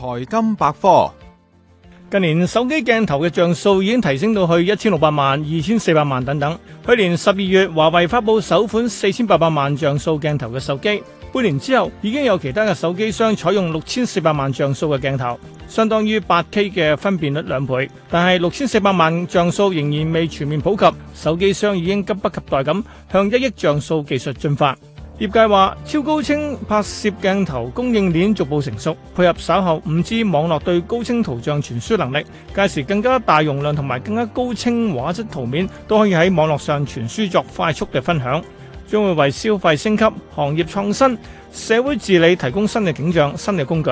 財金百科，近年手機鏡頭嘅像素已經提升到去一千六百萬、二千四百萬等等。去年十二月，華為發布首款四千八百萬像素鏡頭嘅手機，半年之後已經有其他嘅手機商採用六千四百萬像素嘅鏡頭，相當於八 K 嘅分辨率兩倍。但係六千四百萬像素仍然未全面普及，手機商已經急不及待咁向一億像素技術進發。業界話，超高清拍攝鏡頭供應鏈逐步成熟，配合稍後 5G 網絡對高清圖像傳輸能力，屆時更加大容量同埋更加高清畫質圖面都可以喺網絡上傳輸作快速嘅分享，將會為消費升級、行業創新、社會治理提供新嘅景象、新嘅工具。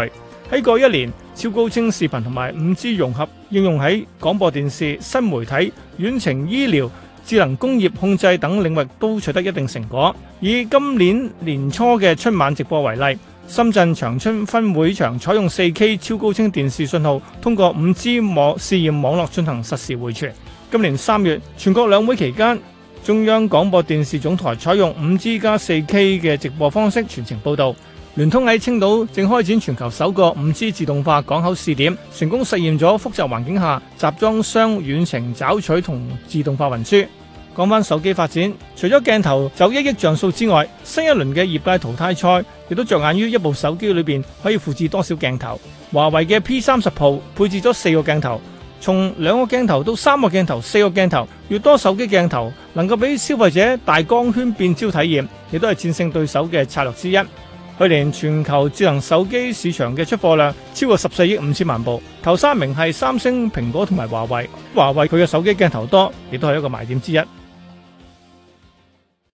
喺過一年，超高清視頻同埋 5G 融合應用喺廣播電視、新媒體、遠程醫療。智能工業控制等領域都取得一定成果。以今年年初嘅春晚直播為例，深圳長春分會場採用 4K 超高清電視信號，通過 5G 網試驗網絡進行實時回傳。今年三月全國兩會期間，中央廣播電視總台採用 5G 加 4K 嘅直播方式全程報導。聯通喺青島正開展全球首個五 G 自動化港口試點，成功實現咗複雜環境下集裝箱遠程抓取同自動化運輸。講翻手機發展，除咗鏡頭走一億像素之外，新一輪嘅業界淘汰賽亦都着眼於一部手機裏邊可以配置多少鏡頭。華為嘅 P 三十 Pro 配置咗四個鏡頭，從兩個鏡頭到三個鏡頭、四個鏡頭，越多手機鏡頭能夠俾消費者大光圈變焦體驗，亦都係戰勝對手嘅策略之一。去年全球智能手機市場嘅出貨量超過十四億五千萬部，頭三名係三星、蘋果同埋華為，華為佢嘅手機鏡頭多，亦都係一個賣點之一。